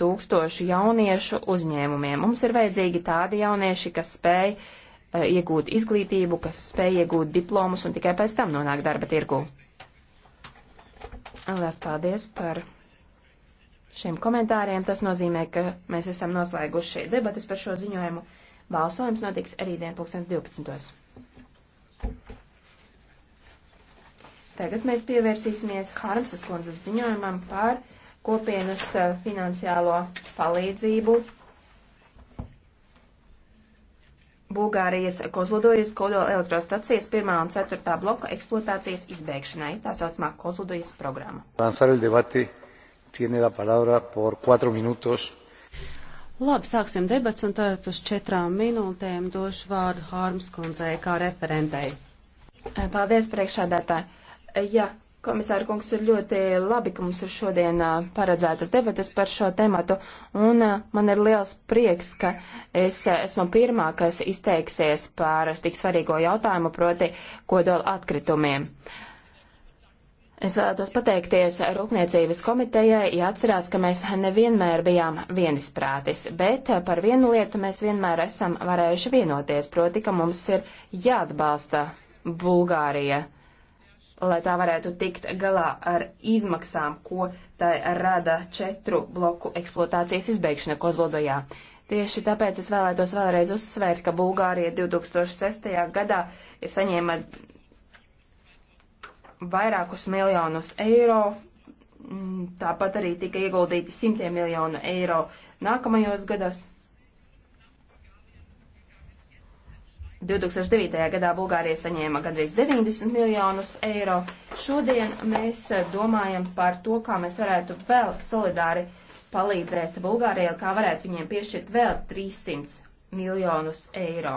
tūkstošu jauniešu uzņēmumiem. Mums ir vajadzīgi tādi jaunieši, kas spēj uh, iegūt izglītību, kas spēj iegūt diplomus un tikai pēc tam nonāk darba tirgu. Lielas paldies par šiem komentāriem. Tas nozīmē, ka mēs esam noslēguši debatas par šo ziņojumu. Balsojums notiks rītdien 2012. Tagad mēs pievērsīsimies Hārmsas kundzes ziņojumam par kopienas eh, finansiālo palīdzību Bulgārijas Kozludojas kodola elektrostacijas 1. un 4. bloka eksploatācijas izbeigšanai, tā saucamā Kozludojas programma. Labi, sāksim debats un tagad uz četrām minūtēm došu vārdu Hārmas kundzei kā referentei. Eh, paldies, priekšādātāji. Eh, ja Komisāra kungs ir ļoti labi, ka mums ir šodien paredzētas debatas par šo tematu, un man ir liels prieks, ka es esmu pirmā, kas izteiksies par tik svarīgo jautājumu, proti kodola atkritumiem. Es vēlētos pateikties Rūpniecības komitejai, ja atcerās, ka mēs nevienmēr bijām vienisprātis, bet par vienu lietu mēs vienmēr esam varējuši vienoties, proti, ka mums ir jāatbalsta Bulgārija lai tā varētu tikt galā ar izmaksām, ko tai rada četru bloku eksploatācijas izbeigšana Kozlodojā. Tieši tāpēc es vēlētos vēlreiz uzsvērt, ka Bulgārija 2006. gadā ir saņēma vairākus miljonus eiro, mm, tāpat arī tika ieguldīti simtiem miljonu eiro nākamajos gados. 2009. gadā Bulgārija saņēma gandrīz 90 miljonus eiro. Šodien mēs eh, domājam par to, kā mēs varētu vēl solidāri palīdzēt Bulgārijai, kā varētu viņiem piešķirt vēl 300 miljonus eiro.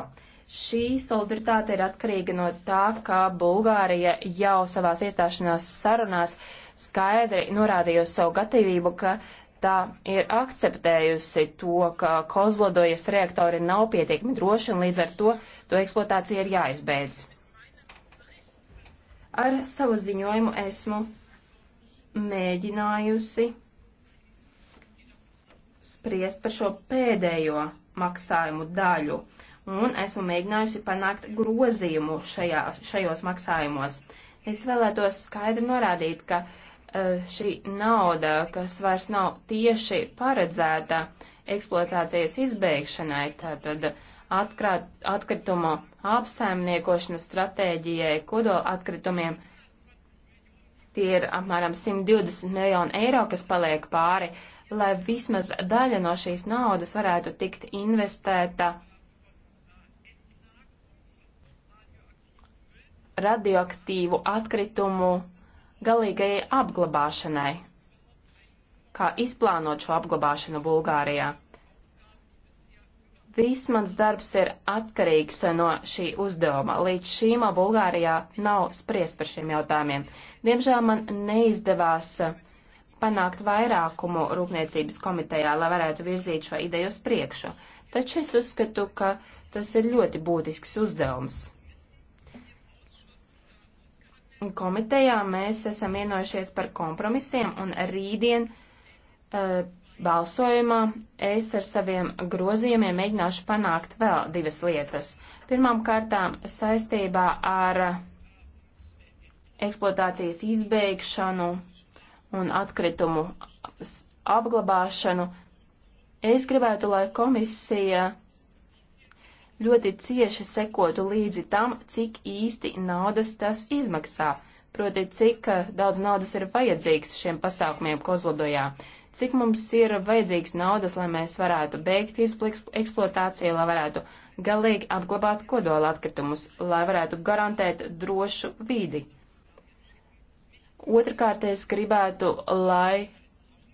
Šī solidaritāte ir atkarīga no tā, ka Bulgārija jau savās iestāšanās sarunās skaidri norādījusi savu gatavību, ka tā ir akceptējusi to, ka kozlodojas reaktori nav pietiekami droši un līdz ar to to eksploatācija ir jāizbeidz. Ar savu ziņojumu esmu mēģinājusi spriest par šo pēdējo maksājumu daļu, un esmu mēģinājusi panākt grozījumu šajā, šajos maksājumos. Es vēlētos skaidri norādīt, ka uh, Eh, šī nauda, kas vairs nav tieši paredzēta eksploatācijas izbeigšanai, tātad atkrāt, atkritumu apsaimniekošanas stratēģijai, kodola atkritumiem, tie ir apmēram 120 miljoni eiro, kas paliek pāri, lai vismaz daļa no šīs naudas varētu tikt investēta radioaktīvu atkritumu galīgajai apglabāšanai, kā izplānot šo apglabāšanu Bulgārijā. Viss mans darbs ir atkarīgs no šī uzdevuma. Līdz šīm Bulgārijā nav spriest par šiem jautājumiem. Diemžēl man neizdevās panākt vairākumu rūpniecības komitejā, lai varētu virzīt šo ideju uz priekšu. Taču es uzskatu, ka tas ir ļoti būtisks uzdevums komitejā mēs esam vienojušies par kompromisiem, un rītdien uh, balsojumā es ar saviem grozījumiem mēģināšu panākt vēl divas lietas. Pirmām kārtām saistībā ar eksploatācijas izbeigšanu un atkritumu apglabāšanu. Es gribētu, lai komisija ļoti cieši sekotu līdzi tam, cik īsti naudas tas izmaksā, proti cik eh, daudz naudas ir vajadzīgs šiem pasākumiem Kozlodojā, cik mums ir vajadzīgs naudas, lai mēs varētu beigt eksploatāciju, lai varētu galīgi apglabāt kodola atkritumus, lai varētu garantēt drošu vīdi. Otrakārt, es gribētu, lai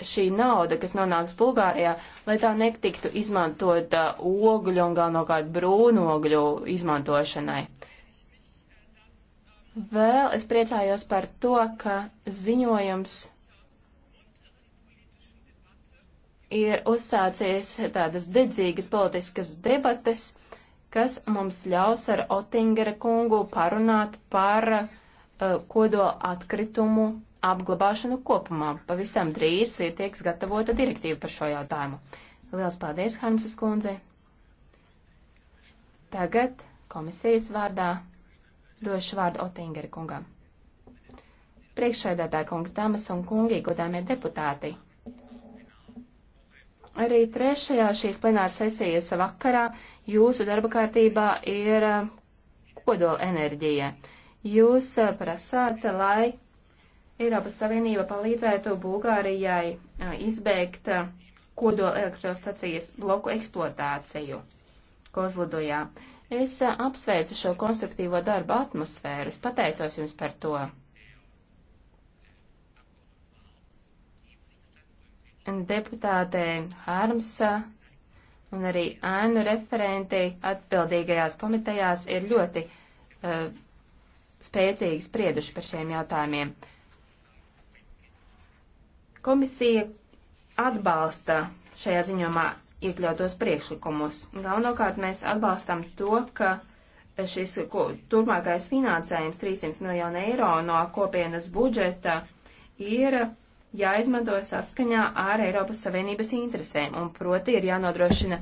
šī nauda, kas nonāks Bulgārijā, lai tā netiktu izmantota ogļu un galvenokārt brūnogļu izmantošanai. Vēl es priecājos par to, ka ziņojums ir uzsācies tādas dedzīgas politiskas debates, kas mums ļaus ar Otingera kungu parunāt par uh, eh, kodola atkritumu apglabāšanu kopumā. Pavisam drīz ir tieks gatavota direktīva par šo jautājumu. Liels paldies, Harmsas kundze. Tagad komisijas vārdā došu vārdu Otingeri kungam. Priekšsēdētāja kungs, dāmas un kungi, godāmie deputāti. Arī trešajā šīs plenāra sesijas vakarā jūsu darba kārtībā ir eh, kodola enerģija. Jūs eh, prasāt, lai Eiropas Savienība palīdzētu Bulgārijai izbeigt kodola elektrostacijas bloku eksploatāciju Kozludojā. Es apsveicu šo konstruktīvo darbu atmosfēru, es pateicos jums par to. Deputātē Harmsa un arī ēnu referenti atbildīgajās komitejās ir ļoti uh, spēcīgi sprieduši par šiem jautājumiem. Uh, Komisija atbalsta šajā ziņomā iekļautos priekšlikumus. Galvenokārt mēs atbalstam to, ka šis ko, turpmākais finansējums 300 miljonu eiro no kopienas budžeta ir jāizmanto saskaņā ar Eiropas Savienības interesēm, un proti ir jānodrošina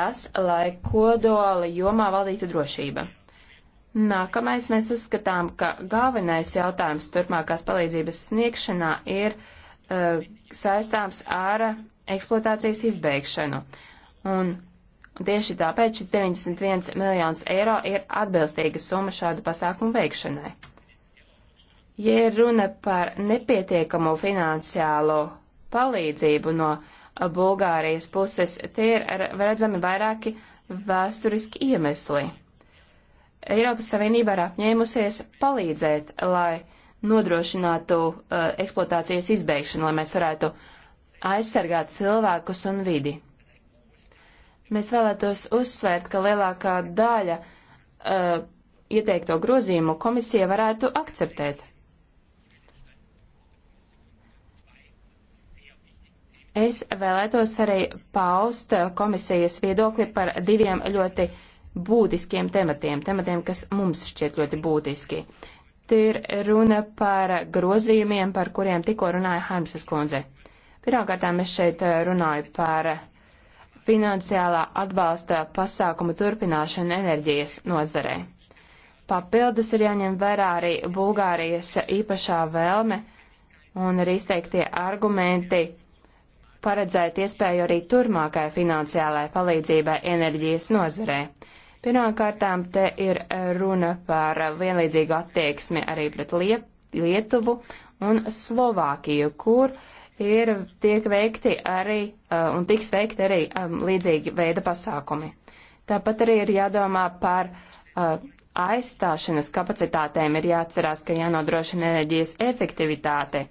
tas, lai kodola jomā valdītu drošība. Nākamais mēs uzskatām, ka galvenais jautājums turpmākās palīdzības sniegšanā ir uh, Eh, saistāms ar eksploatācijas izbeigšanu. Un tieši tāpēc šis 91 miljonus eiro ir atbilstīga summa šādu pasākumu veikšanai. Ja ir runa par nepietiekamo finansiālo palīdzību no Bulgārijas puses, tie ir redzami vairāki vēsturiski iemesli. Eiropas Savienība ir apņēmusies palīdzēt, lai nodrošinātu uh, eksploatācijas izbeigšanu, lai mēs varētu aizsargāt cilvēkus un vidi. Mēs vēlētos uzsvērt, ka lielākā daļa uh, ieteikto grozījumu komisija varētu akceptēt. Es vēlētos arī paust komisijas viedokli par diviem ļoti būtiskiem tematiem, tematiem, kas mums šķiet ļoti būtiski. Uh, šeit ir runa par grozījumiem, par kuriem tikko runāja Harmsas kundze. Pirmkārt, es šeit eh, runāju par finansiālā atbalsta pasākumu turpināšanu enerģijas nozarē. Papildus ir jāņem vērā arī Bulgārijas īpašā vēlme un arī izteiktie argumenti paredzēt iespēju arī turmākai finansiālai palīdzībai enerģijas nozarē. Pirmkārtām te ir runa par vienlīdzīgu attieksmi arī pret Lietuvu un Slovākiju, kur ir tiek veikti arī uh, un tiks veikti arī um, līdzīgi veida pasākumi. Tāpat arī ir jādomā par uh, aizstāšanas kapacitātēm, ir jāatcerās, ka jānodrošina enerģijas efektivitāte.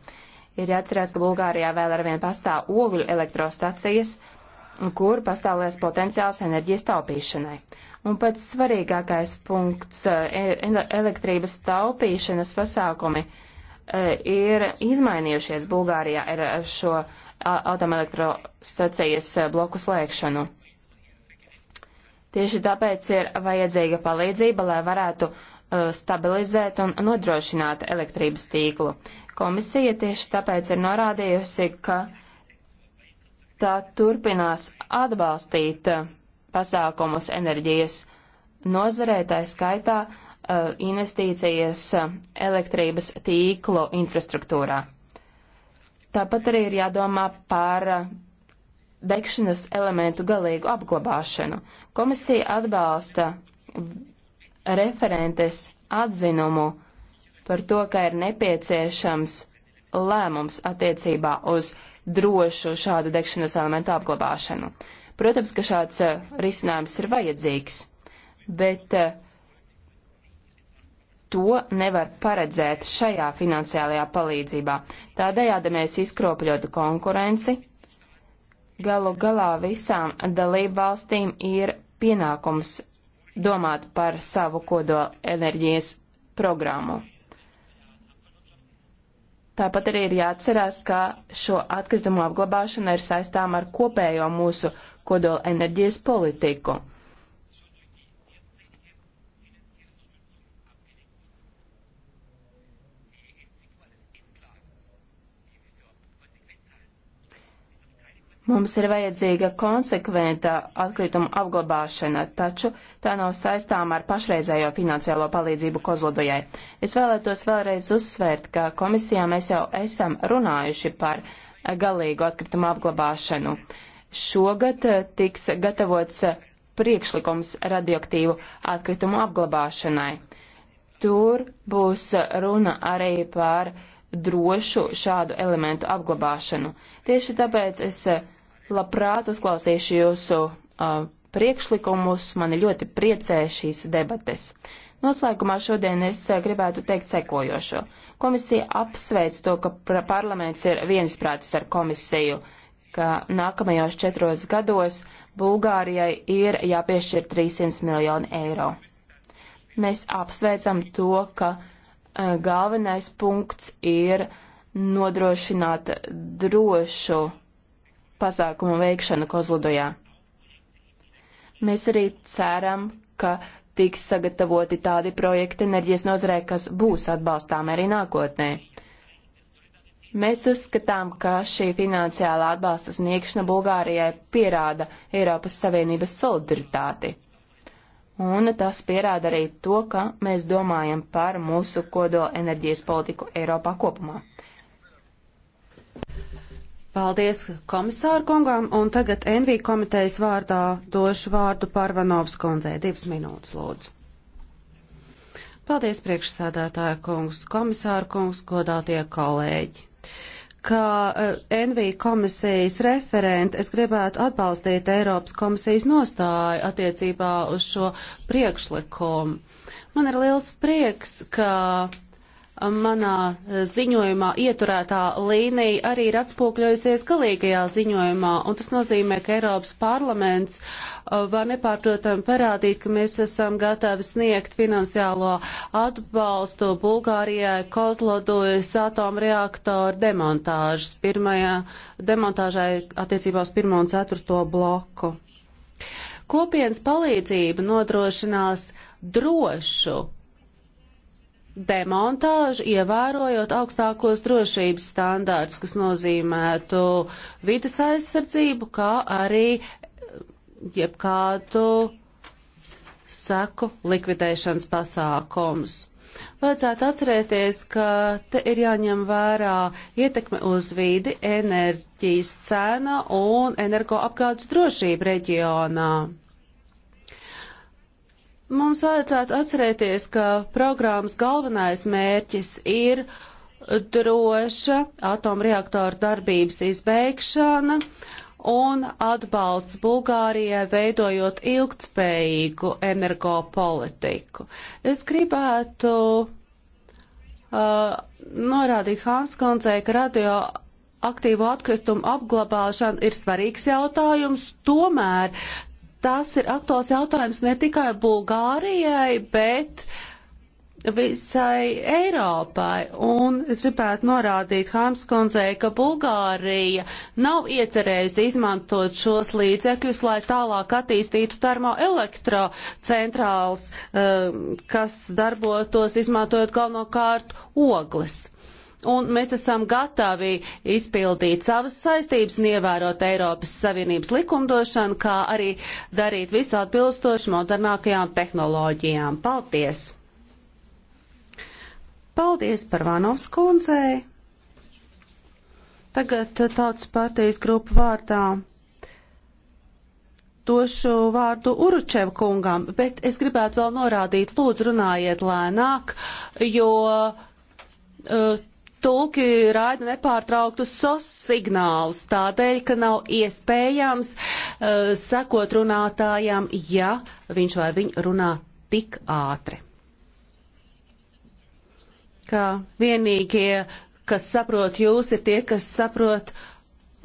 Ir jāatcerās, ka Bulgārijā vēl arvien pastāv ogļu elektrostacijas, kur pastāv liels potenciāls enerģijas taupīšanai. Un pats svarīgākais punkts eh, - e, elektrības taupīšanas pasākumi eh, ir izmainījušies Bulgārijā ar šo atomelektrostacijas eh, bloku slēgšanu. Tieši tāpēc ir vajadzīga palīdzība, lai varētu stabilizēt un nodrošināt elektrības tīklu. Komisija tieši tāpēc ir norādījusi, ka tā turpinās atbalstīt pasākumus enerģijas nozarē, tā skaitā uh, investīcijas uh, elektrības tīklu infrastruktūrā. Tāpat arī ir jādomā par degšanas uh, elementu galīgu apglabāšanu. Komisija atbalsta referentes atzinumu par to, ka ir nepieciešams lēmums attiecībā uz drošu šādu degšanas elementu apglabāšanu. Uh, Protams, ka šāds eh, risinājums ir vajadzīgs, bet eh, to nevar paredzēt šajā finansiālajā palīdzībā. Tādējādi mēs izkropļotu konkurenci. Galu galā visām dalību valstīm ir pienākums domāt par savu kodola enerģijas programmu. Tāpat arī ir jāatcerās, ka šo atkritumu apglabāšana ir saistām ar kopējo mūsu kodola enerģijas politiku. Mums ir vajadzīga konsekventa atkrituma apglabāšana, taču tā nav saistām ar pašreizējo finansiālo palīdzību Kozlodojai. Es vēlētos vēlreiz uzsvērt, ka komisijā mēs jau esam runājuši par galīgu atkrituma apglabāšanu. Šogad eh, tiks gatavots eh, priekšlikums radioaktīvu atkritumu apglabāšanai. Tur būs eh, runa arī par drošu šādu elementu apglabāšanu. Tieši tāpēc es labprāt uzklausīšu jūsu uh, priekšlikumus, mani ļoti priecē šīs debates. Noslēgumā šodien es gribētu teikt sekojošo. Komisija apsveic to, ka parlaments ir viensprātis ar komisiju uh, ka nākamajos četros gados Bulgārijai ir jāpiešķir 300 miljoni eiro. Mēs apsveicam to, ka e, galvenais punkts ir nodrošināt drošu pasākumu veikšanu Kozludojā. Mēs arī ceram, ka tiks sagatavoti tādi projekti enerģijas nozarē, kas būs atbalstām arī nākotnē. Mēs uzskatām, ka šī finansiālā atbalsta sniegšana Bulgārijai pierāda Eiropas Savienības solidaritāti. Un tas pierāda arī to, ka mēs domājam par mūsu kodola enerģijas politiku Eiropā kopumā. Paldies komisāru kungām, un tagad NV komitejas vārdā došu vārdu Parvanovs kundzei. Divas minūtes, lūdzu. Paldies, priekšsēdētāja kungs, komisāra kungs, godātie kolēģi. Kā e, NV komisijas referente es gribētu atbalstīt Eiropas komisijas nostāju attiecībā uz šo priekšlikumu. Man ir liels prieks, ka manā ziņojumā ieturētā līnija arī ir atspūkļojusies galīgajā ziņojumā, un tas nozīmē, ka Eiropas parlaments uh, var nepārprotami parādīt, ka mēs esam gatavi sniegt finansiālo atbalstu Bulgārijai Kozlodojas atomreaktoru demontāžas pirmajā demontāžai attiecībā uz pirmo un ceturto bloku. Kopienas palīdzība nodrošinās drošu demontāžu, ievērojot augstākos drošības standārtus, kas nozīmētu vidas aizsardzību, kā arī eh, jebkādu seku likvidēšanas pasākumus. Vajadzētu atcerēties, ka te ir jāņem vērā ietekme uz vīdi, enerģijas cena un energoapgādes drošība reģionā. Mums vajadzētu atcerēties, ka programmas galvenais mērķis ir droša atomreaktoru darbības izbeigšana un atbalsts Bulgārijai veidojot ilgtspējīgu energopolitiku. Es gribētu uh, norādīt Hanskundzei, ka radio aktīvo atkritumu apglabāšana ir svarīgs jautājums, tomēr tas ir aktuāls jautājums ne tikai Bulgārijai, bet visai Eiropai. Un es gribētu norādīt Hāms kundzei, ka Bulgārija nav iecerējusi izmantot šos līdzekļus, lai tālāk attīstītu termoelektrocentrāls, eh, kas darbotos izmantojot galvenokārt ogles un mēs esam gatavi izpildīt savas saistības un ievērot Eiropas Savienības likumdošanu, kā arī darīt visu atbilstoši modernākajām tehnoloģijām. Paldies! Paldies par Vanovs kundzei! Tagad tautas partijas grupu vārdā došu vārdu Uručev kungam, bet es gribētu vēl norādīt, lūdzu runājiet lēnāk, jo uh, tulki raida nepārtrauktus sos signālus, tādēļ, ka nav iespējams uh, sekot runātājam, ja viņš vai viņa runā tik ātri. Kā vienīgie, kas saprot jūs, ir tie, kas saprot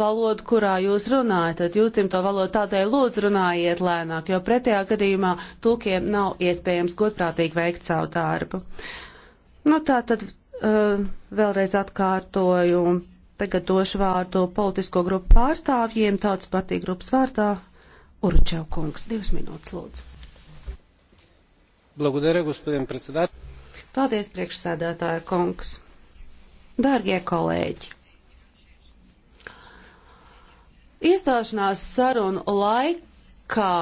valodu, kurā jūs runājat, tad jūs dzimto valodu tādēļ lūdzu runājiet lēnāk, jo pretējā gadījumā tulkiem nav iespējams godprātīgi veikt savu darbu. Nu tā tad Eh, vēlreiz atkārtoju, tagad došu vārdu politisko grupu pārstāvjiem, tautas partija grupas vārdā Uručev kungs. Divas minūtes lūdzu. Благодаря, господин председател. Paldies, priekšsēdētāja kungs. Dārgie kolēģi! Iestāšanās sarunu laikā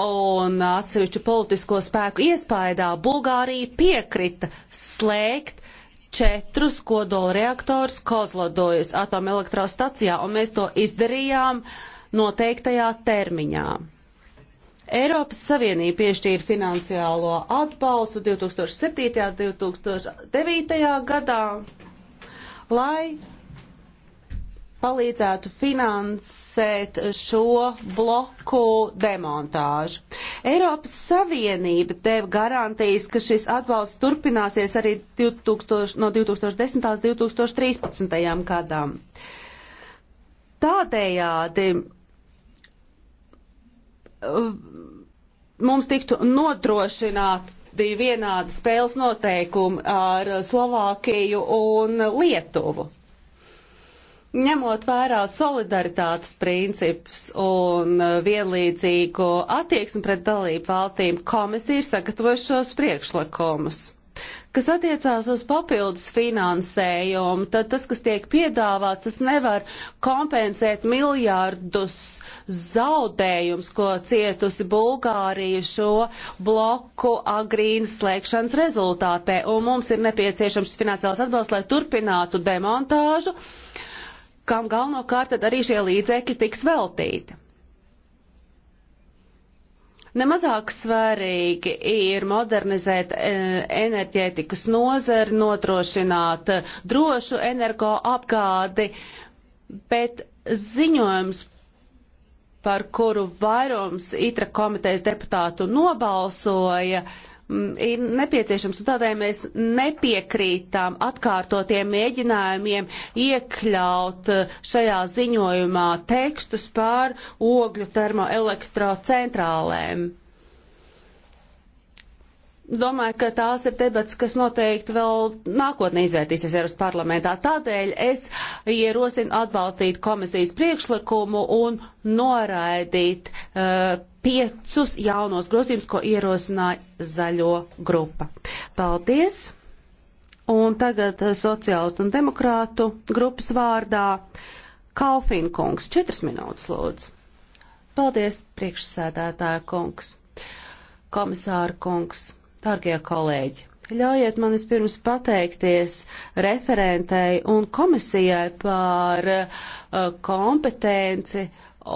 un atsevišķu politisko spēku iespaidā Bulgārija piekrita slēgt četrus kodola reaktors Kozlodojas atomelektrostacijā, un mēs to izdarījām noteiktajā termiņā. Eiropas Savienība piešķīra finansiālo atbalstu 2007. un 2009. gadā, lai palīdzētu finansēt šo bloku demontāžu. Eiropas Savienība deva garantijas, ka šis atbalsts turpināsies arī 2000, no 2010. līdz 2013. gadam. Tādējādi mums tiktu nodrošināt bija vienādi spēles noteikumi ar Slovākiju un Lietuvu ņemot vērā solidaritātes principus un e, vienlīdzīgu attieksmi pret dalību valstīm, komisija ir sagatavojusi šos priekšlikumus. Kas attiecās uz papildus finansējumu, tad tas, kas tiek piedāvāts, tas nevar kompensēt miljārdus zaudējums, ko cietusi Bulgārija šo bloku agrīnas slēgšanas rezultātē. Un mums ir nepieciešams finansiāls atbalsts, lai turpinātu demontāžu. Uh, kam galvenokārt tad arī šie līdzekļi tiks veltīti. Nemazāk svarīgi ir modernizēt e, enerģētikas nozari, nodrošināt e, drošu energo apgādi, bet ziņojums, par kuru vairums itra komitejas deputātu nobalsoja, uh, Mm, ir nepieciešams, un tādēļ mēs nepiekrītām atkārtotiem mēģinājumiem iekļaut eh, šajā ziņojumā tekstus par ogļu termoelektrocentrālēm domāju, ka tās ir debats, kas noteikti vēl nākotnē izvērtīsies Eiropas parlamentā. Tādēļ es ierosinu atbalstīt komisijas priekšlikumu un noraidīt uh, piecus jaunos grozījumus, ko ierosināja zaļo grupa. Paldies! Un tagad eh, sociālistu un demokrātu grupas vārdā Kalfin kungs. Četras minūtes lūdzu. Paldies, priekšsēdētāja kungs, komisāra kungs Dārgie kolēģi, ļaujiet man vispirms pateikties referentei un komisijai par uh, kompetenci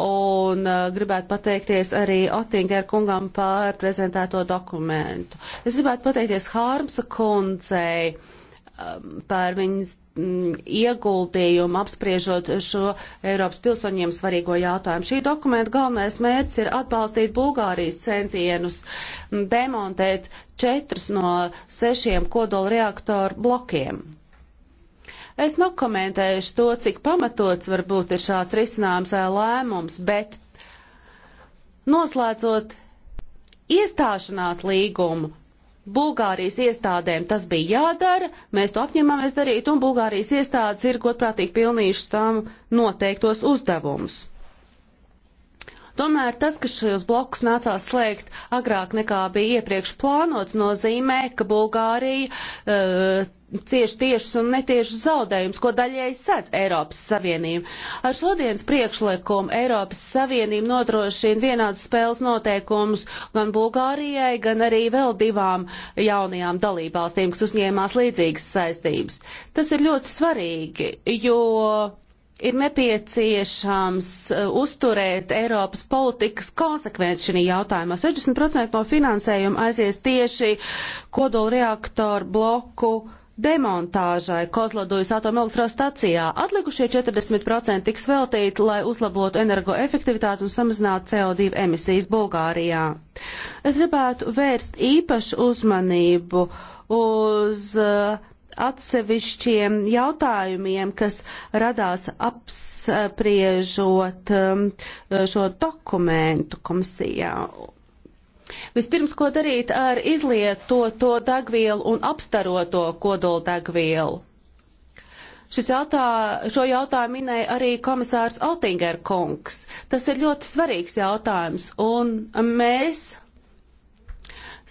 un uh, gribētu pateikties arī Otingeru kungam par prezentēto dokumentu. Es gribētu pateikties Hārmsa kundzei um, par viņas Mm, ieguldījumu apspriežot šo Eiropas pilsoņiem svarīgo jautājumu. Šī dokumenta galvenais mērķis ir atbalstīt Bulgārijas centienus demontēt četrus no sešiem kodola reaktoru blokiem. Es nokomentēšu to, cik pamatots varbūt ir šāds risinājums vai lēmums, bet noslēdzot iestāšanās līgumu Bulgārijas iestādēm tas bija jādara, mēs to apņemamies darīt, un Bulgārijas iestādes ir godprātīgi pilnījušas tam noteiktos uzdevumus. Tomēr tas, ka šos blokus nācās slēgt agrāk nekā bija iepriekš plānots, nozīmē, ka Bulgārija uh, eh, cieši tiešas un netiešas zaudējumus, ko daļai sēdz Eiropas Savienība. Ar šodienas priekšlikumu Eiropas Savienība nodrošina vienādas spēles noteikumus gan Bulgārijai, gan arī vēl divām jaunajām dalībvalstīm, kas uzņēmās līdzīgas saistības. Tas ir ļoti svarīgi, jo ir nepieciešams eh, uzturēt Eiropas politikas konsekvenci šī jautājumā. 60% no finansējuma aizies tieši kodolreaktoru bloku demontāžai Kozlodujas atomelektrostacijā. Atlikušie 40% tiks veltīti, lai uzlabotu energoefektivitāti un samazinātu CO2 emisijas Bulgārijā. Es gribētu vērst īpašu uzmanību uz uh, atsevišķiem jautājumiem, kas radās apspriežot um, šo dokumentu komisijā. Vispirms, ko darīt ar izlietoto degvielu un apstaroto kodoldegvielu? Šis jautā, šo jautājumu minēja arī komisārs Otinger kungs. Tas ir ļoti svarīgs jautājums, un mēs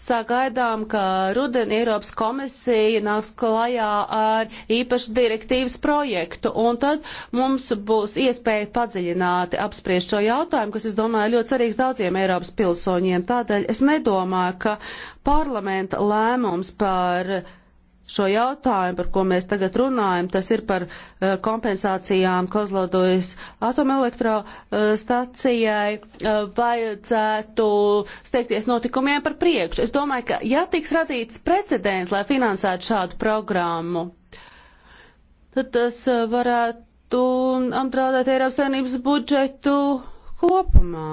Sagaidām, ka rudenī Eiropas komisija nāks klajā ar īpašu direktīvas projektu, un tad mums būs iespēja padziļināti apspriest šo jautājumu, kas, es domāju, ļoti svarīgs daudziem Eiropas pilsoņiem. Tādēļ es nedomāju, ka parlamenta lēmums par šo jautājumu, par ko mēs tagad runājam, tas ir par uh, kompensācijām Kozlodojas atomelektrostacijai, uh, vajadzētu steigties notikumiem par priekšu. Es domāju, ka ja tiks radīts precedents, lai finansētu šādu programmu, tad tas eh, varētu um, apdraudēt Eiropas Savienības budžetu kopumā.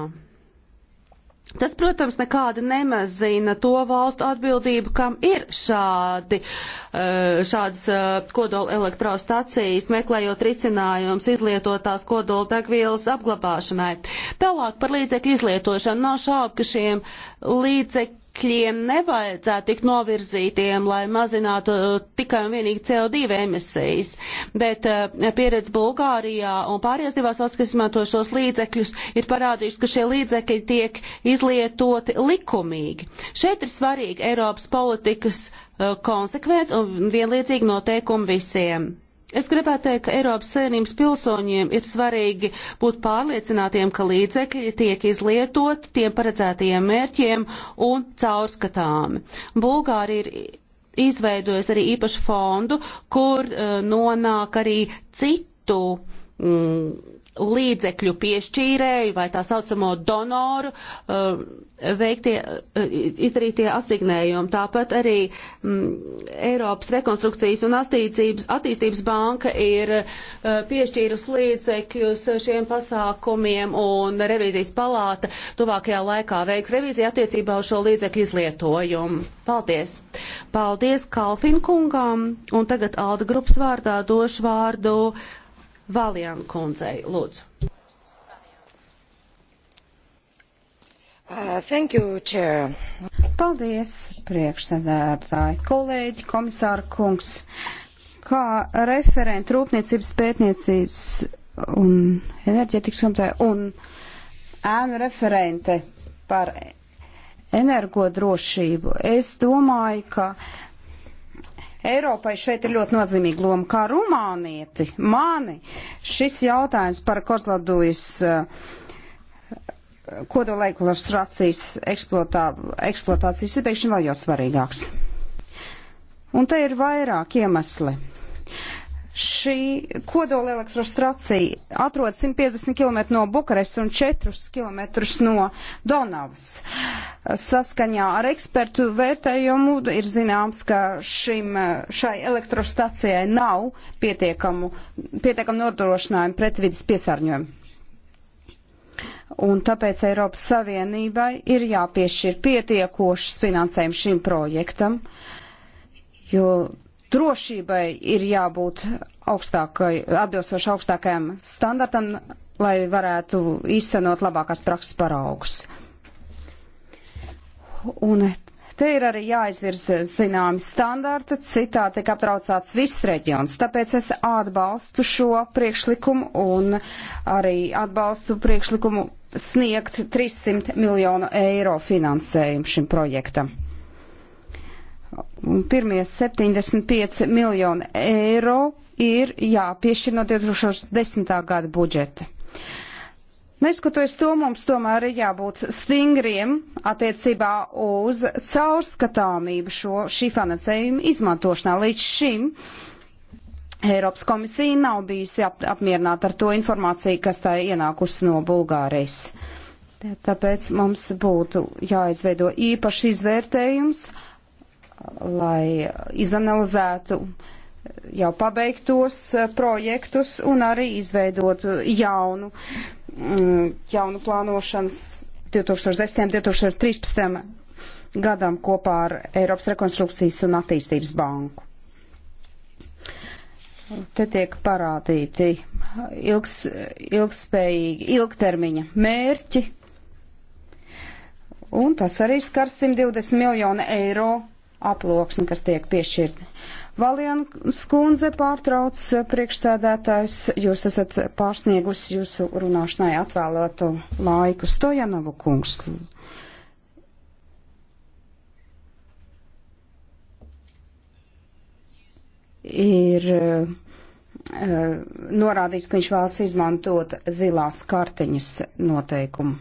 Tas, protams, nekādu nemazina to valstu atbildību, kam ir šādi, eh, šādas eh, kodola elektrostacijas, meklējot risinājums izlietotās kodola degvielas apglabāšanai. Tālāk par līdzekļu izlietošanu. Nav šaubu, ka šiem līdzekļu līdzekļiem nevajadzētu tik novirzītiem, lai mazinātu uh, tikai un vienīgi CO2 emisijas. Bet uh, pieredze Bulgārijā un pārējās divās valsts, kas izmanto šos līdzekļus, ir parādījuši, ka šie līdzekļi tiek izlietoti likumīgi. Šeit ir svarīgi Eiropas politikas uh, konsekvence un vienlīdzīgi noteikumi visiem. Es gribētu teikt, ka Eiropas Savienības pilsoņiem ir svarīgi būt pārliecinātiem, ka līdzekļi tiek izlietoti tiem paredzētajiem mērķiem un caurskatāmi. Bulgārija ir izveidojusi arī īpašu fondu, kur uh, nonāk arī citu. Mm, līdzekļu piešķīrēju vai tā saucamo donoru uh, veiktie, uh, izdarītie asignējumi. Tāpat arī mm, Eiropas rekonstrukcijas un attīstības banka ir uh, piešķīrusi līdzekļus šiem pasākumiem un revīzijas palāta tuvākajā laikā veiks revīziju attiecībā uz šo līdzekļu izlietojumu. Paldies! Paldies Kalfinkungam un tagad Alda grupas vārdā došu vārdu. Uh, Valjāna kundzei. Lūdzu. Uh, thank you, Chair. Paldies, priekšsēdētāji, kolēģi, komisāra kungs. Kā referenta rūpniecības pētniecības un enerģetikas komiteja un ēnu referente par energodrošību, es domāju, ka uh, Eiropai šeit ir ļoti nozīmīga loma. Kā rumānieti, mani, šis jautājums par Kozladujas eh, kodolaiklāstrācijas eksploatācijas izbeigšanu vēl jau svarīgāks. Un te ir vairāk iemesli. Šī kodola elektrostacija atrodas 150 km no Bukarestas un 4 km no Donavas. Saskaņā ar ekspertu vērtējumu ir zināms, ka šim, šai elektrostacijai nav pietiekamu, pietiekamu nodrošinājumu pret vidas piesārņojumu. Un tāpēc Eiropas Savienībai ir jāpiešķir pietiekošs finansējums šim projektam, jo drošībai ir jābūt augstākai, atbilstoši augstākajam standartam, lai varētu īstenot labākās prakses paraugus. Un te ir arī jāizvirza zināmi standarti, citā tiek aptraucāts viss reģions. Tāpēc es atbalstu šo priekšlikumu un arī atbalstu priekšlikumu sniegt 300 miljonu eiro finansējumu šim projektam. Pirmie 75 miljoni eiro ir jāpiešķir no 2010. gada budžeta. Neskatoties to, mums tomēr ir jābūt stingriem attiecībā uz caurskatāmību šo šī finansējuma izmantošanā. Līdz šim Eiropas komisija nav bijusi ap, apmierināta ar to informāciju, kas tā ienākusi no Bulgārijas. Tāpēc mums būtu jāizveido īpašs izvērtējums lai izanalizētu jau pabeigtos eh, projektus un arī izveidotu eh, jaunu, mm, jaunu plānošanas 2010. un 2013. gadam kopā ar Eiropas rekonstrukcijas un attīstības banku. Te tiek parādīti ilgs, ilgspējīgi ilgtermiņa mērķi, un tas arī skar 120 miljonu eiro aploksni, kas tiek piešķirti. Valiena skundze pārtrauc eh, priekšsēdētājs, jūs esat pārsniegus jūsu runāšanai atvēlēto laiku. Stojanovu kungs. Ir eh, norādījis, ka viņš vēlas izmantot zilās kartiņas noteikumu.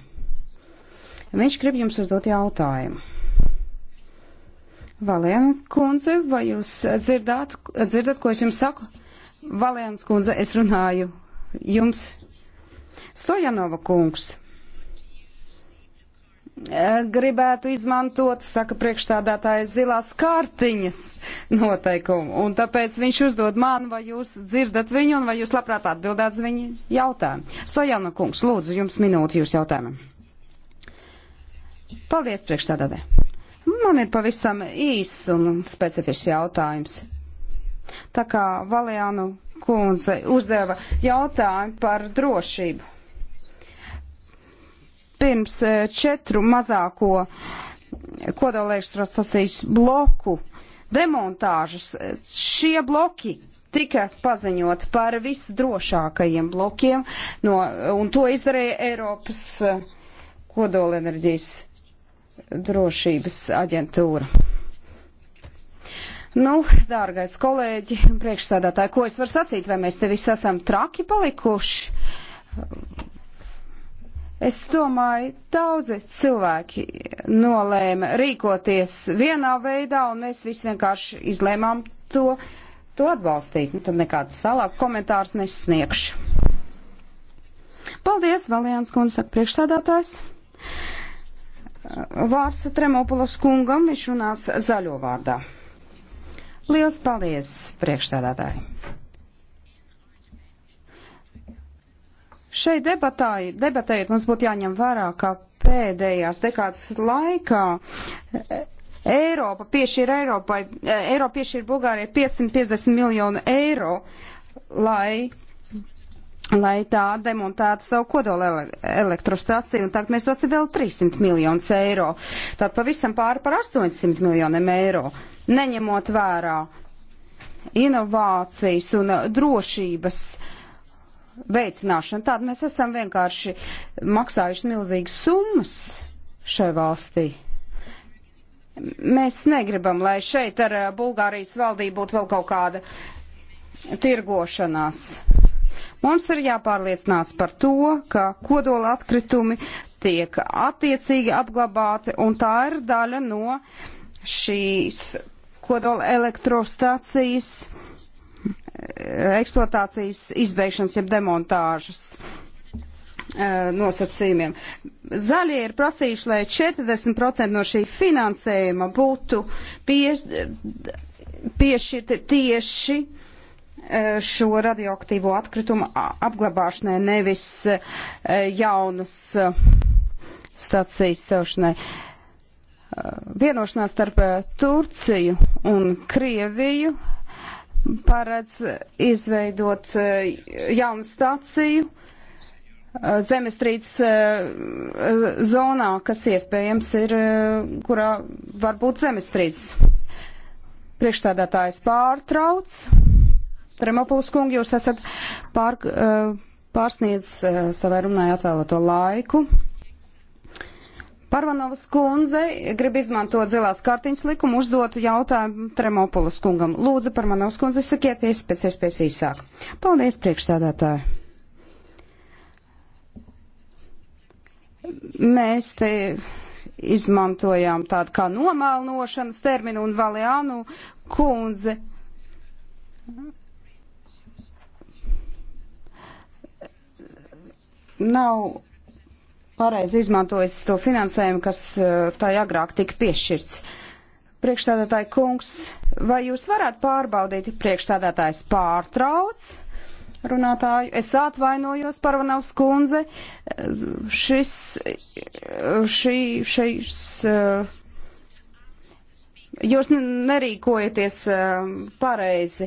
Viņš grib jums uzdot jautājumu. Valēna kundze, vai jūs dzirdāt, dzirdat, ko es jums saku? Valēnas kundze, es runāju jums. Stojanova kungs e, gribētu izmantot, saka priekšstādātājs, zilās kārtiņas noteikumu. Un tāpēc viņš uzdod man, vai jūs dzirdat viņu, un vai jūs labprāt atbildāt uz viņu jautājumu. Stojana kungs, lūdzu, jums minūti jūs jautājumam. Paldies, priekšstādātē. Man ir pavisam īss un specifisks jautājums. Tā kā Valjānu kundze uzdeva jautājumu par drošību. Pirms e, četru mazāko kodolēkstrasacīs bloku demontāžas e, šie bloki tika paziņot par visdrošākajiem blokiem, no, un to izdarīja Eiropas e, kodolenerģijas drošības aģentūra. Nu, dārgais kolēģi, priekšsādātāji, ko es varu sacīt, vai mēs te visi esam traki palikuši? Es domāju, daudzi cilvēki nolēma rīkoties vienā veidā, un mēs visi vienkārši izlēmām to, to atbalstīt. Nu, tad nekāds salāk komentārs nesniegšu. Paldies, Valjāns kundze, saka priekšsādātājs. Vārds Tremopulas kungam, viņš runās zaļo vārdā. Liels paldies, priekšsēdētāji! Šai debatāji, debatējot mums būtu jāņem vērā, ka pēdējās dekādas laikā Eiropa piešķir Eiropai, Eiropa piešķir Bulgārijai 550 miljonu eiro, lai lai tā demontētu savu kodola elektrostaciju, un tagad mēs dosim vēl 300 miljonus eiro. Tad pavisam pāri par 800 miljoniem eiro, neņemot vērā inovācijas un drošības veicināšanu. Tātad mēs esam vienkārši maksājuši milzīgas summas šai valstī. Mēs negribam, lai šeit ar Bulgārijas valdību būtu vēl kaut kāda tirgošanās Mums ir jāpārliecinās par to, ka kodola atkritumi tiek attiecīgi apglabāti, un tā ir daļa no šīs kodola elektrostācijas eh, eksploatācijas izbeigšanas, jeb demontāžas eh, nosacījumiem. Zaļie ir prasījuši, lai 40% no šī finansējuma būtu pie, piešķirti tieši E, šo radioaktīvo atkritumu apglabāšanai, nevis e, jaunas e, stacijas celšanai. Vienošanās starp Turciju un Krieviju paredz izveidot jaunu staciju zemestrīces zonā, kas iespējams ir, kurā var būt zemestrīces. Priekšstādātājs pārtrauc. Tremopulis kungi, jūs esat pār, eh, pārsniedz eh, savai runai atvēlēto laiku. Parvanovas kundze grib izmantot zilās kartiņas likumu, uzdot jautājumu Tremopulis kungam. Lūdzu, Parvanovas kundze, sakieties pēc iespējas īsāk. Paldies, priekšsēdētāji. Mēs te izmantojām tādu kā nomēlnošanas terminu un Valiānu kundze nav pareizi izmantojis to finansējumu, kas eh, tai agrāk tika piešķirts. Priekšstādātāji kungs, vai jūs varētu pārbaudīt, priekšstādātājs pārtrauc runātāju? Es atvainojos, Parvanovs kundze, eh, šis, eh, šī, šis. Uh, Jūs nerīkojaties eh, pareizi.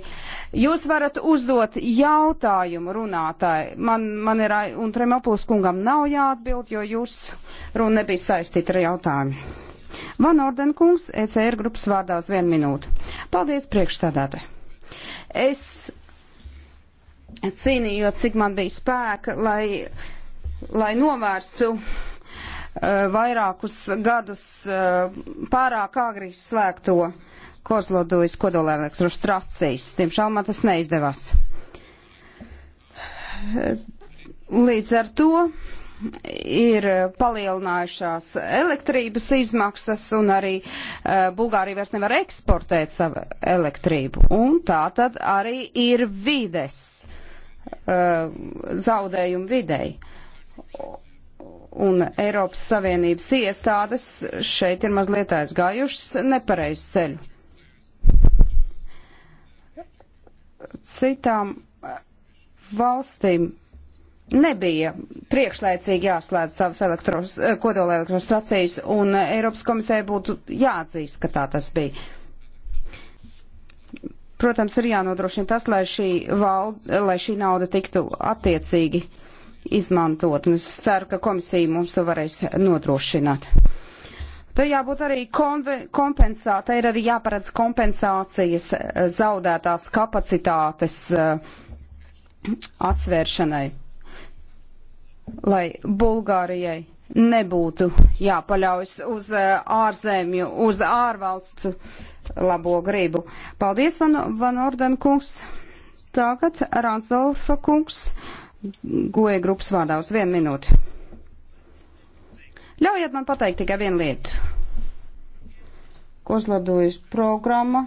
Jūs varat uzdot jautājumu runātāji. Man, man ir, un Tremopulis kungam nav jāatbild, jo jūs runa nebija saistīta ar jautājumu. Van Orden kungs, ECR grupas vārdās vienu minūtu. Paldies priekšstādātāji. Es cīnījos, cik man bija spēka, lai, lai novērstu Eh, vairākus gadus eh, pārāk agri slēgto Kozlodujas kodolelektrostacijas. Diemžēl man tas neizdevās. Līdz ar to ir palielinājušās elektrības izmaksas un arī uh, Bulgārija vairs nevar eksportēt savu elektrību. Un tā tad arī ir vides, uh, zaudējumi videi un Eiropas Savienības iestādes šeit ir mazliet aizgājušas nepareizu ceļu. Citām valstīm nebija priekšlaicīgi jāslēdz savas elektros, kodola elektrostacijas, un Eiropas komisē būtu jāatzīst, ka tā tas bija. Protams, ir jānodrošina tas, lai šī, vald, lai šī nauda tiktu attiecīgi uh, izmantot. Un es ceru, ka komisija mums to varēs nodrošināt. Te jābūt arī kompensāta, ir arī jāparedz kompensācijas eh, zaudētās kapacitātes eh, atsvēršanai, lai Bulgārijai nebūtu jāpaļaujas uz eh, ārzemju, uz ārvalstu labo gribu. Paldies, Van, Van Orden kungs. Tagad Ransdorfa kungs goja grupas vārdā uz vienu minūti. Ļaujiet man pateikt tikai vienu lietu. Kozladojas programma.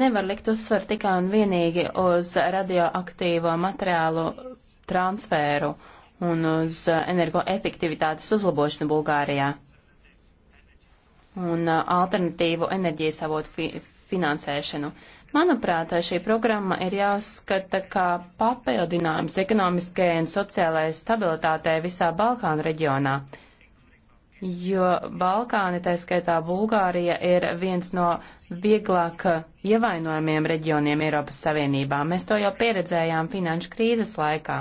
Nevar likt uzsver tikai un vienīgi uz radioaktīvo materiālu transferu un uz energoefektivitātes uzlabošanu Bulgārijā un uh, alternatīvu enerģijas avotu fi finansēšanu. Uh, Manuprāt, šī programma ir jāuzskata kā papildinājums ekonomiskajai un sociālajai stabilitātei visā Balkānu reģionā, jo Balkāni, tā skaitā Bulgārija, ir viens no vieglāk ievainojumiem reģioniem Eiropas Savienībā. Mēs to jau pieredzējām finanšu krīzes laikā.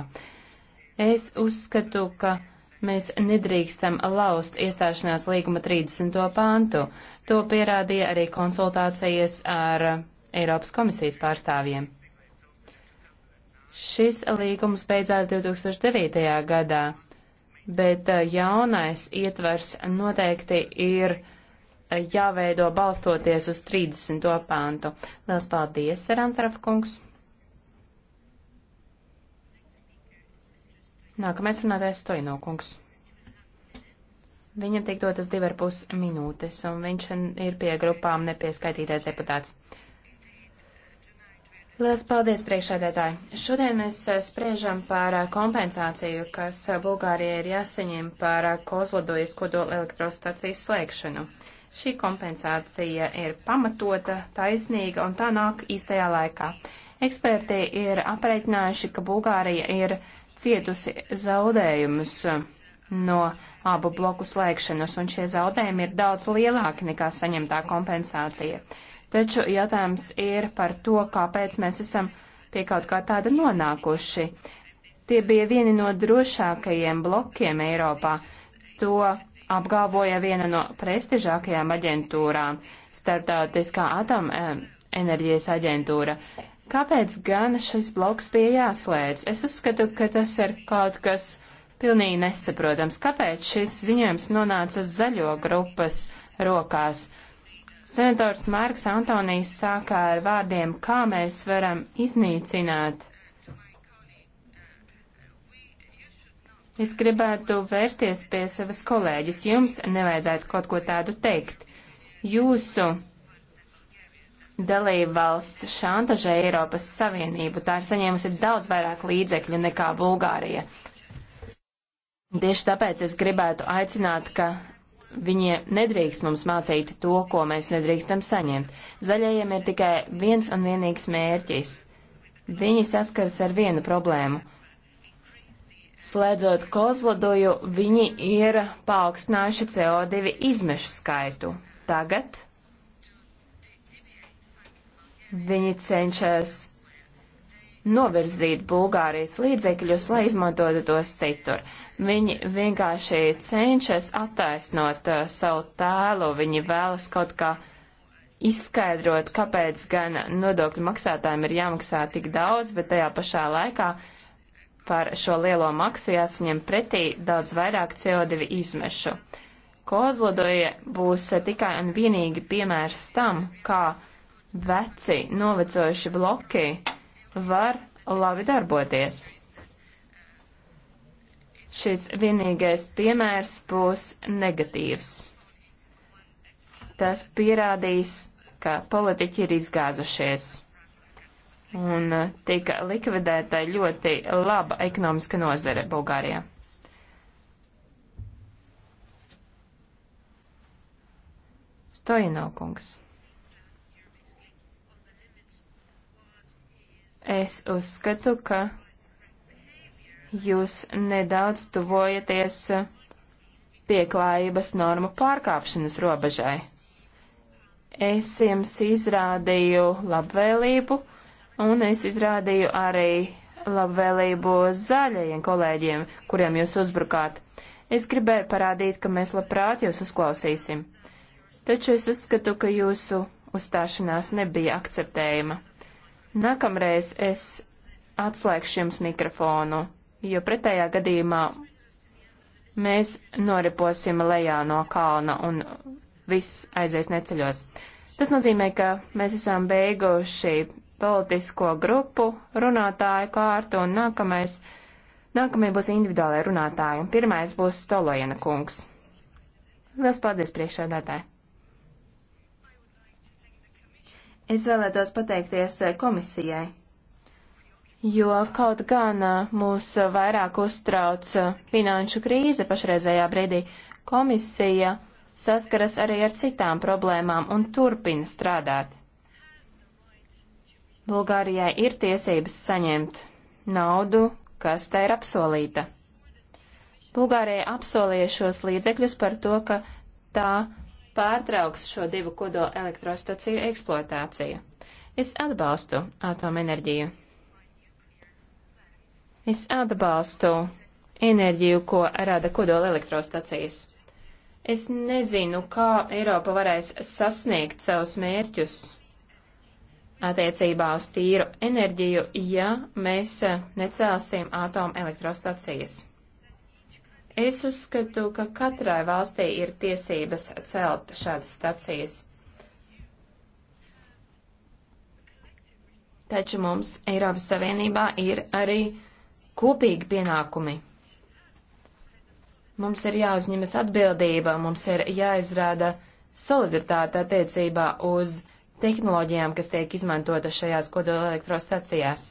Es uzskatu, ka mēs nedrīkstam laust iestāšanās līguma 30. pāntu. To pierādīja arī konsultācijas ar Eiropas komisijas pārstāvjiem. Šis līgums beidzās 2009. gadā, bet eh, jaunais ietvers noteikti ir eh, jāveido balstoties uz 30. pāntu. Lielas paldies, Seransaraf kungs! Nākamais runātājs Stoino kungs. Viņam tiek dotas divar pus minūtes, un viņš ir pie grupām nepieskaitītais deputāts. Lielas paldies, priekšādētāji! Šodien mēs eh, spriežam par eh, kompensāciju, kas eh, Bulgārijai ir jāsaņem par Kozlodojas kodola elektrostacijas slēgšanu. Šī kompensācija ir pamatota, taisnīga un tā nāk īstajā laikā. Eksperti ir aprēķinājuši, ka Bulgārija ir cietusi zaudējumus no abu bloku slēgšanas, un šie zaudējumi ir daudz lielāki nekā saņemtā kompensācija taču jautājums ir par to, kāpēc mēs esam pie kaut kā tāda nonākuši. Tie bija vieni no drošākajiem blokiem Eiropā. To apgalvoja viena no prestižākajām aģentūrām - Startautiskā atomenerģijas aģentūra. Kāpēc gan šis bloks bija jāslēdz? Es uzskatu, ka tas ir kaut kas pilnīgi nesaprotams. Kāpēc šis ziņojums nonāca zaļo grupas rokās? Senators Marks Antonijs sākā ar vārdiem, kā mēs varam iznīcināt. Es gribētu vērsties pie savas kolēģis. Jums nevajadzētu kaut ko tādu teikt. Jūsu dalībvalsts šantažē Eiropas Savienību. Tā ir saņēmusi daudz vairāk līdzekļu nekā Bulgārija. Tieši tāpēc es gribētu aicināt, ka Viņiem nedrīkst mums mācīt to, ko mēs nedrīkstam saņemt. Zaļajiem ir tikai viens un vienīgs mērķis. Viņi saskars ar vienu problēmu. Slēdzot kozlodoju, viņi ir paaugstinājuši CO2 izmešu skaitu. Tagad viņi cenšas novirzīt Bulgārijas līdzekļus, lai izmantotu tos citur. Viņi vienkārši cenšas attaisnot uh, savu tēlu, viņi vēlas kaut kā izskaidrot, kāpēc gan nodokļu maksātājiem ir jāmaksā tik daudz, bet tajā pašā laikā par šo lielo maksu jāsaņem pretī daudz vairāk CO2 izmešu. Kozlodoja būs tikai un vienīgi piemērs tam, kā veci novecojuši bloki var labi darboties. Šis vienīgais piemērs būs negatīvs. Tas pierādīs, ka politiķi ir izgāzušies un uh, tika likvidēta ļoti laba ekonomiska nozare Bulgārijā. Stojinov kungs. Es uzskatu, ka jūs nedaudz tuvojaties pieklājības normu pārkāpšanas robežai. Es jums izrādīju labvēlību, un es izrādīju arī labvēlību zaļajiem kolēģiem, kuriem jūs uzbrukāt. Es gribēju parādīt, ka mēs labprāt jūs uzklausīsim. Taču es uzskatu, ka jūsu uzstāšanās nebija akceptējama. Nākamreiz es atslēgšu jums mikrofonu, jo pretējā gadījumā mēs noriposim lejā no kalna un viss aizies neceļos. Tas nozīmē, ka mēs esam beiguši politisko grupu runātāju kārtu un nākamais, nākamie būs individuālai runātāji un pirmais būs Stolojana kungs. Liels paldies priekšādātāji! Es vēlētos pateikties eh, komisijai, jo kaut gan eh, mūs vairāk uztrauc eh, finanšu krīze pašreizējā brīdī, komisija saskaras arī ar citām problēmām un turpina strādāt. Bulgārijai ir tiesības saņemt naudu, kas tai ir apsolīta. Bulgārijai apsolīja šos līdzekļus par to, ka tā pārtrauks šo divu kodola elektrostaciju eksploatāciju. Es atbalstu atomenerģiju. Es atbalstu enerģiju, ko rada kodola elektrostacijas. Es nezinu, kā Eiropa varēs sasniegt savus mērķus attiecībā uz tīru enerģiju, ja mēs necelsim atomelektrostacijas. Es uzskatu, ka katrai valstī ir tiesības celt šādas stacijas. Taču mums Eiropas Savienībā ir arī kopīgi pienākumi. Mums ir jāuzņemas atbildība, mums ir jāizrāda solidaritāte attiecībā uz tehnoloģijām, kas tiek izmantotas šajās kodola elektrostacijās.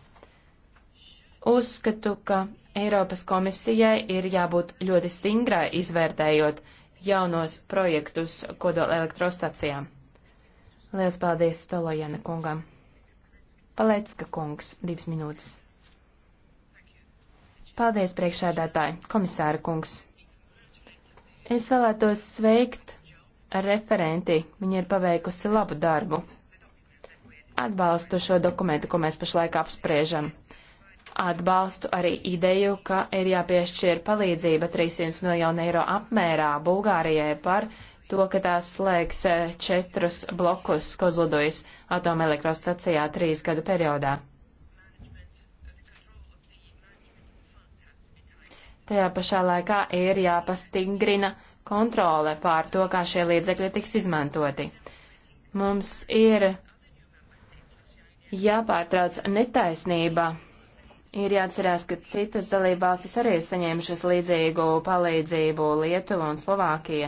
Uzskatu, ka Eiropas komisijai ir jābūt ļoti stingrai izvērtējot jaunos projektus kodola elektrostacijām. Lielas paldies Stolojana kungam. Palecka kungs, divas minūtes. Paldies, priekšēdētāji, komisāra kungs. Es vēlētos sveikt referenti, viņa ir paveikusi labu darbu. Atbalstu šo dokumentu, ko mēs pašlaik apspriežam. Atbalstu arī ideju, ka ir jāpiešķir palīdzība 300 miljonu eiro apmērā Bulgārijai par to, ka tās slēgs eh, četrus blokus Kozludojas atomelektrostacijā trīs gadu periodā. Tajā pašā laikā ir jāpastingrina kontrole pār to, kā šie līdzekļi tiks izmantoti. Mums ir jāpārtrauc netaisnība Ir jāatcerās, ka citas dalībvalstis arī ir saņēmušas līdzīgu palīdzību Lietuva un Slovākija.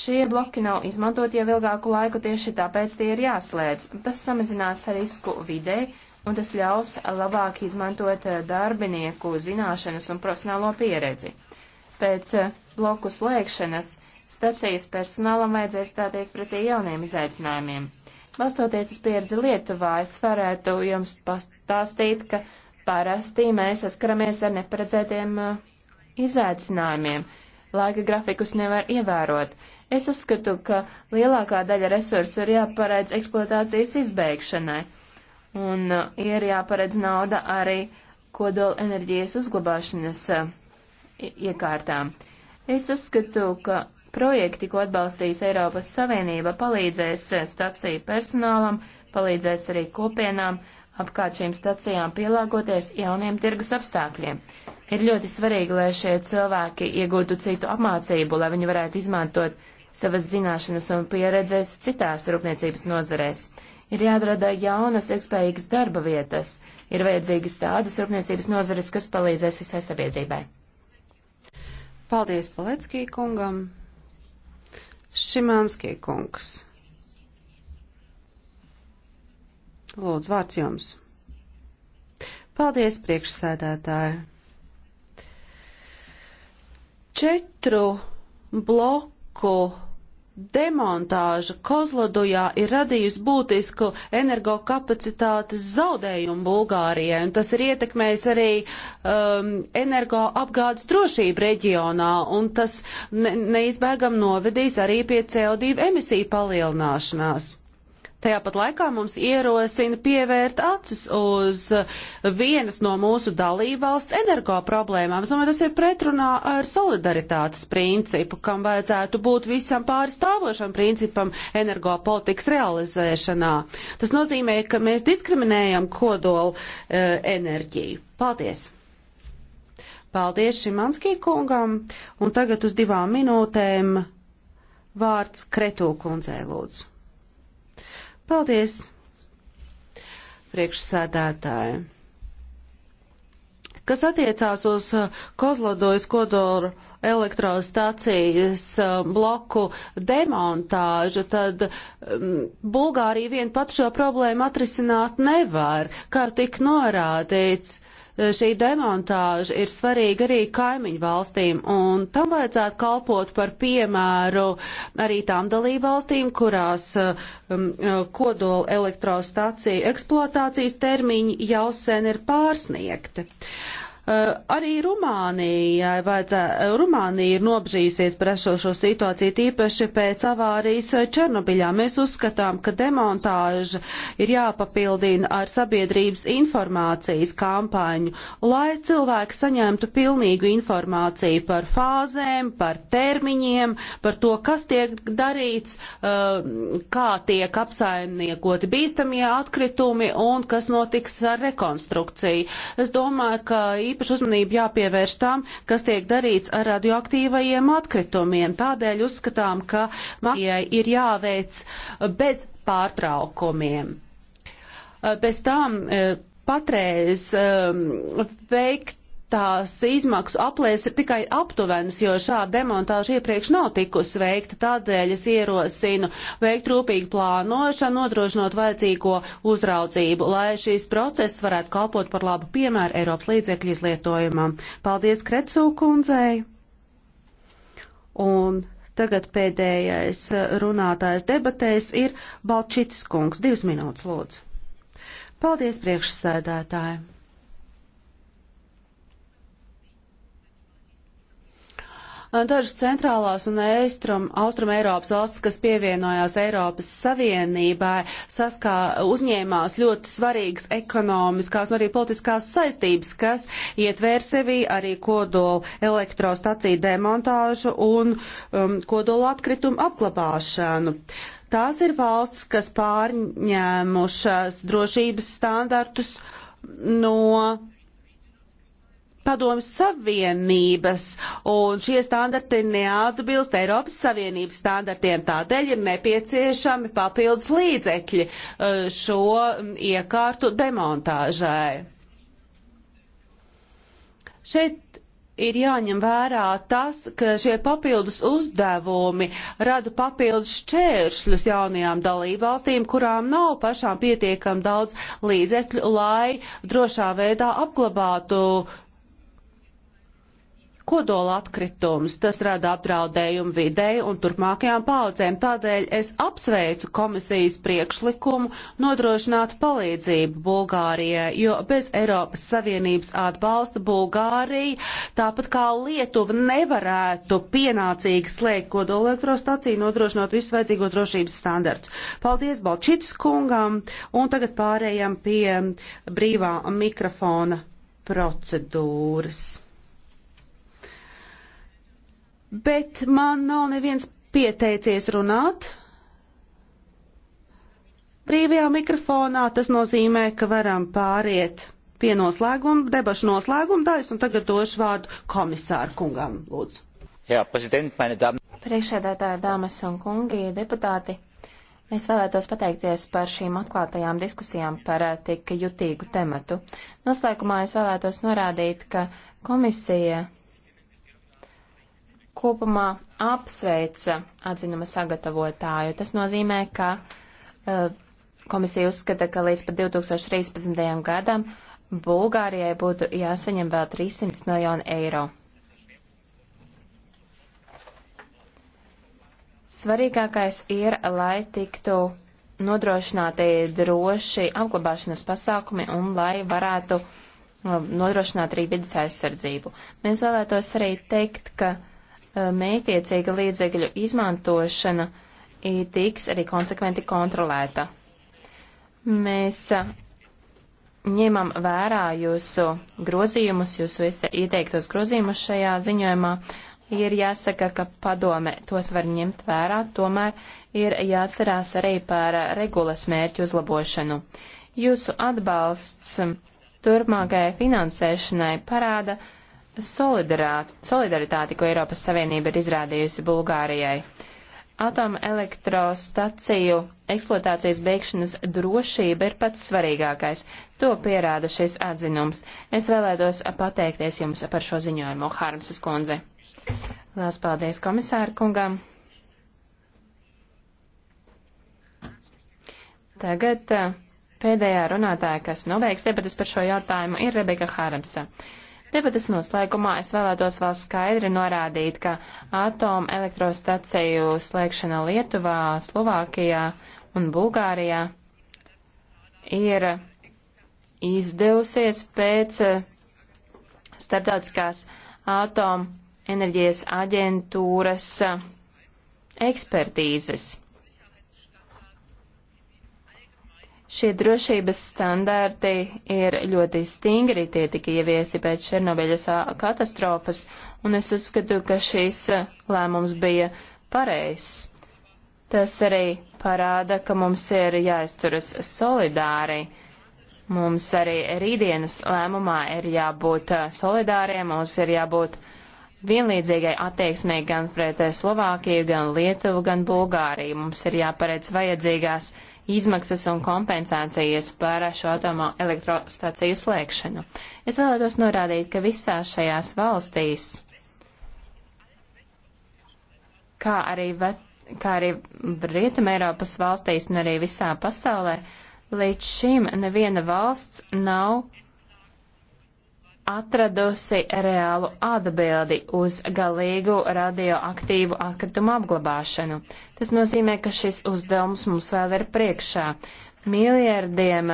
Šie bloki nav izmantot jau ilgāku laiku, tieši tāpēc tie ir jāslēdz. Tas samazinās risku vidē un tas ļaus labāk izmantot eh, darbinieku zināšanas un profesionālo pieredzi. Pēc eh, bloku slēgšanas stacijas personālam vajadzēs stāties pretī jauniem izaicinājumiem. Balstoties uz pieredzi Lietuvā, es varētu jums pastāstīt, ka Parasti mēs saskaramies ar neparedzētiem uh, izaicinājumiem. Laika grafikus nevar ievērot. Es uzskatu, ka lielākā daļa resursu ir jāparedz eksploatācijas izbeigšanai. Un uh, ir jāparedz nauda arī kodola enerģijas uzglabāšanas uh, iekārtām. Es uzskatu, ka projekti, ko atbalstīs Eiropas Savienība, palīdzēs staciju personālam, palīdzēs arī kopienām, uh, apkārt šīm stacijām pielāgoties jauniem tirgus apstākļiem. Ir ļoti svarīgi, lai šie cilvēki iegūtu citu apmācību, lai viņi varētu izmantot savas zināšanas un pieredzes citās rūpniecības nozarēs. Ir jāatrada jaunas, ilgspējīgas darba vietas, ir vajadzīgas tādas rūpniecības nozares, kas palīdzēs visai sabiedrībai. Paldies Paleckī kungam! Šimanskī kungs. Lūdzu, vārds jums. Paldies, priekšsēdētāji. Četru bloku demontāža Kozlodujā ir radījusi būtisku energokapacitātes zaudējumu Bulgārijai, un tas ir ietekmējis arī um, energoapgādes drošību reģionā, un tas ne, neizbēgam novedīs arī pie CO2 emisiju palielināšanās. Tajā pat laikā mums ierosina pievērt acis uz uh, vienas no mūsu dalībvalsts energo problēmām. Es domāju, tas ir pretrunā ar solidaritātes principu, kam vajadzētu būt visam pārstāvošam principam energo politikas realizēšanā. Tas nozīmē, ka mēs diskriminējam kodolu e, enerģiju. Paldies! Paldies Šimanskī kungam, un tagad uz divām minūtēm vārds Kretū kundzei lūdzu. Paldies, priekšsēdētāji. Kas attiecās uz uh, Kozlodojas kodola elektrostacijas uh, bloku demontāžu, tad um, Bulgārija vien pat šo problēmu atrisināt nevar, kā tik norādīts. Uh, šī demontāža ir svarīga arī kaimiņu valstīm, un tam vajadzētu kalpot par piemēru arī tām dalību valstīm, kurās um, kodola elektrostaciju eksploatācijas termiņi jau sen ir pārsniegti. Uh, Eh, arī Rumānijai vajadzē, eh, Rumānija ir nobrījusies par šo, šo situāciju, tīpaši pēc avārijas Černobiļā. Mēs uzskatām, ka demontāža ir jāpapildina ar sabiedrības informācijas kampaņu, lai cilvēki saņemtu pilnīgu informāciju par fāzēm, par termiņiem, par to, kas tiek darīts, eh, kā tiek apsaimniekoti bīstamie atkritumi un kas notiks ar rekonstrukciju. Es domāju, ka īpaši uzmanību jāpievērš tam, kas tiek darīts ar radioaktīvajiem atkritumiem. Tādēļ uzskatām, ka mākslinieci ir jāveic bez pārtraukumiem. Bez tām eh, patreiz eh, veikt tās izmaksu aplēs ir tikai aptuvenas, jo šāda demontāža iepriekš nav tikusi veikta. Tādēļ es ierosinu veikt rūpīgu plānošanu, nodrošinot vajadzīgo uzraudzību, lai šīs process varētu kalpot par labu piemēru Eiropas līdzekļu izlietojumam. Paldies Kretsu kundzei! Un tagad pēdējais runātājs debatēs ir Balčitis kungs. Divas minūtes lūdzu. Paldies priekšsēdētājiem! Dažas centrālās un eistrum, austrum Eiropas valsts, kas pievienojās Eiropas Savienībai, saskā uzņēmās ļoti svarīgas ekonomiskās un arī politiskās saistības, kas ietvēr sevī arī kodolu elektrostaciju demontāžu un um, kodolu atkritumu apglabāšanu. Tās ir valsts, kas pārņēmušas drošības standartus no padomas Savienības, un šie standarti neatbilst Eiropas Savienības standartiem. Tādēļ ir nepieciešami papildus līdzekļi eh, šo mm, iekārtu demontāžai. Šeit ir jāņem vērā tas, ka šie papildus uzdevumi rada papildus šķēršļus jaunajām dalībvalstīm, kurām nav pašām pietiekam daudz līdzekļu, lai drošā veidā apglabātu kodola atkritumus. Tas rada apdraudējumu videi un turpmākajām paudzēm. Tādēļ es apsveicu komisijas priekšlikumu nodrošināt palīdzību Bulgārijai, jo bez Eiropas Savienības atbalsta Bulgārija, tāpat kā Lietuva, nevarētu pienācīgi slēgt kodola elektrostaciju, nodrošinot visus vajadzīgo drošības standarts. Paldies Balčits kungam, un tagad pārējām pie brīvā mikrofona procedūras bet man nav neviens pieteicies runāt. Brīvajā mikrofonā tas nozīmē, ka varam pāriet pie noslēguma, debašu noslēguma daļas, un tagad došu vārdu komisāru kungam, lūdzu. Jā, prezident, mani dāmas. Priekšsēdētāja dāmas un kungi, deputāti, Es vēlētos pateikties par šīm atklātajām diskusijām par eh, tik jutīgu tematu. Noslēgumā es vēlētos norādīt, ka komisija kopumā apsveica atzinuma sagatavotāju. Tas nozīmē, ka uh, komisija uzskata, ka līdz pat 2013. gadam Bulgārijai būtu jāsaņem vēl 300 miljonu eiro. Svarīgākais ir, lai tiktu nodrošināti droši apglabāšanas pasākumi un lai varētu eh, nodrošināt arī vidas aizsardzību. Mēs vēlētos arī teikt, ka mētiecīga līdzekļu izmantošana tiks arī konsekventi kontrolēta. Mēs ņemam vērā jūsu grozījumus, jūsu ieteiktos grozījumus šajā ziņojumā. Ir jāsaka, ka padome tos var ņemt vērā, tomēr ir jāatcerās arī par regulas mērķu uzlabošanu. Jūsu atbalsts turpmākajai finansēšanai parāda, uh, solidaritāti, ko Eiropas Savienība ir izrādījusi Bulgārijai. Atomelektrostaciju eksploatācijas beigšanas drošība ir pats svarīgākais. To pierāda šis atzinums. Es vēlētos pateikties jums par šo ziņojumu, Hārmsas kundze. Lielas paldies komisāru kungam. Tagad eh, pēdējā runātāja, kas nobeigs debatas par šo jautājumu, ir Rebeka Hārmsa. Debatas noslēgumā es vēlētos vēl skaidri norādīt, ka atomu elektrostaciju slēgšana Lietuvā, Slovākijā un Bulgārijā ir izdevusies pēc eh, starptautiskās atomu enerģijas aģentūras eh, ekspertīzes. Šie drošības standarti ir ļoti stingri, tie tika ieviesi pēc Černobeļas katastrofas, un es uzskatu, ka šīs lēmums bija pareizs. Tas arī parāda, ka mums ir jāizturas solidāri. Mums arī rītdienas lēmumā ir jābūt solidāriem, mums ir jābūt vienlīdzīgai attieksmē gan pret Slovākiju, gan Lietuvu, gan Bulgāriju. Mums ir jāparedz vajadzīgās izmaksas un kompensācijas par šo atomo elektrostaciju slēgšanu. Es vēlētos norādīt, ka visās šajās valstīs, kā arī, vet, kā arī Rietuma Eiropas valstīs un arī visā pasaulē, līdz šim neviena valsts nav atradusi reālu atbildi uz galīgu radioaktīvu atkritumu apglabāšanu. Tas nozīmē, ka šis uzdevums mums vēl ir priekšā. Miljardiem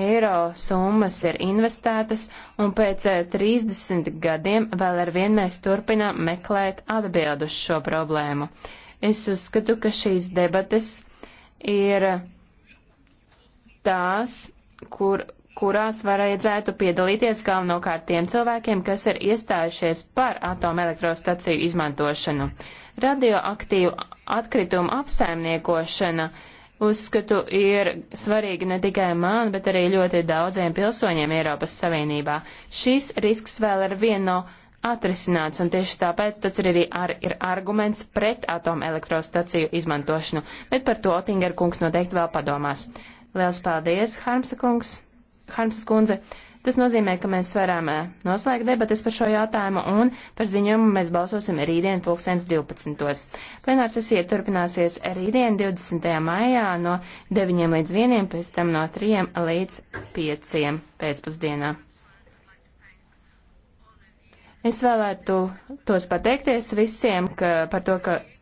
eiro summas ir investētas, un pēc 30 gadiem vēl ar vien mēs turpinām meklēt atbildu uz šo problēmu. Es uzskatu, ka šīs debates ir tās, kur kurās varētu piedalīties galvenokārt tiem cilvēkiem, kas ir iestājušies par atomelektrostaciju izmantošanu. Radioaktīvu atkritumu apsaimniekošana uzskatu ir svarīga ne tikai man, bet arī ļoti daudziem pilsoņiem Eiropas Savienībā. Šis risks vēl ar vienu no atrisināts, un tieši tāpēc tas ir arī ar, ir arguments pret atomelektrostaciju izmantošanu, bet par to Otinger kungs noteikti vēl padomās. Liels paldies, Harmsa kungs! Harmsas kundze. Tas nozīmē, ka mēs varam eh, noslēgt debatas par šo jautājumu un par ziņojumu mēs balsosim rītdien pulkstens 12. Plenārs sesija turpināsies rītdien 20. maijā no 9 līdz 1, pēc tam no 3 līdz 5 pēcpusdienā. Es vēlētu tos pateikties visiem ka, par to, ka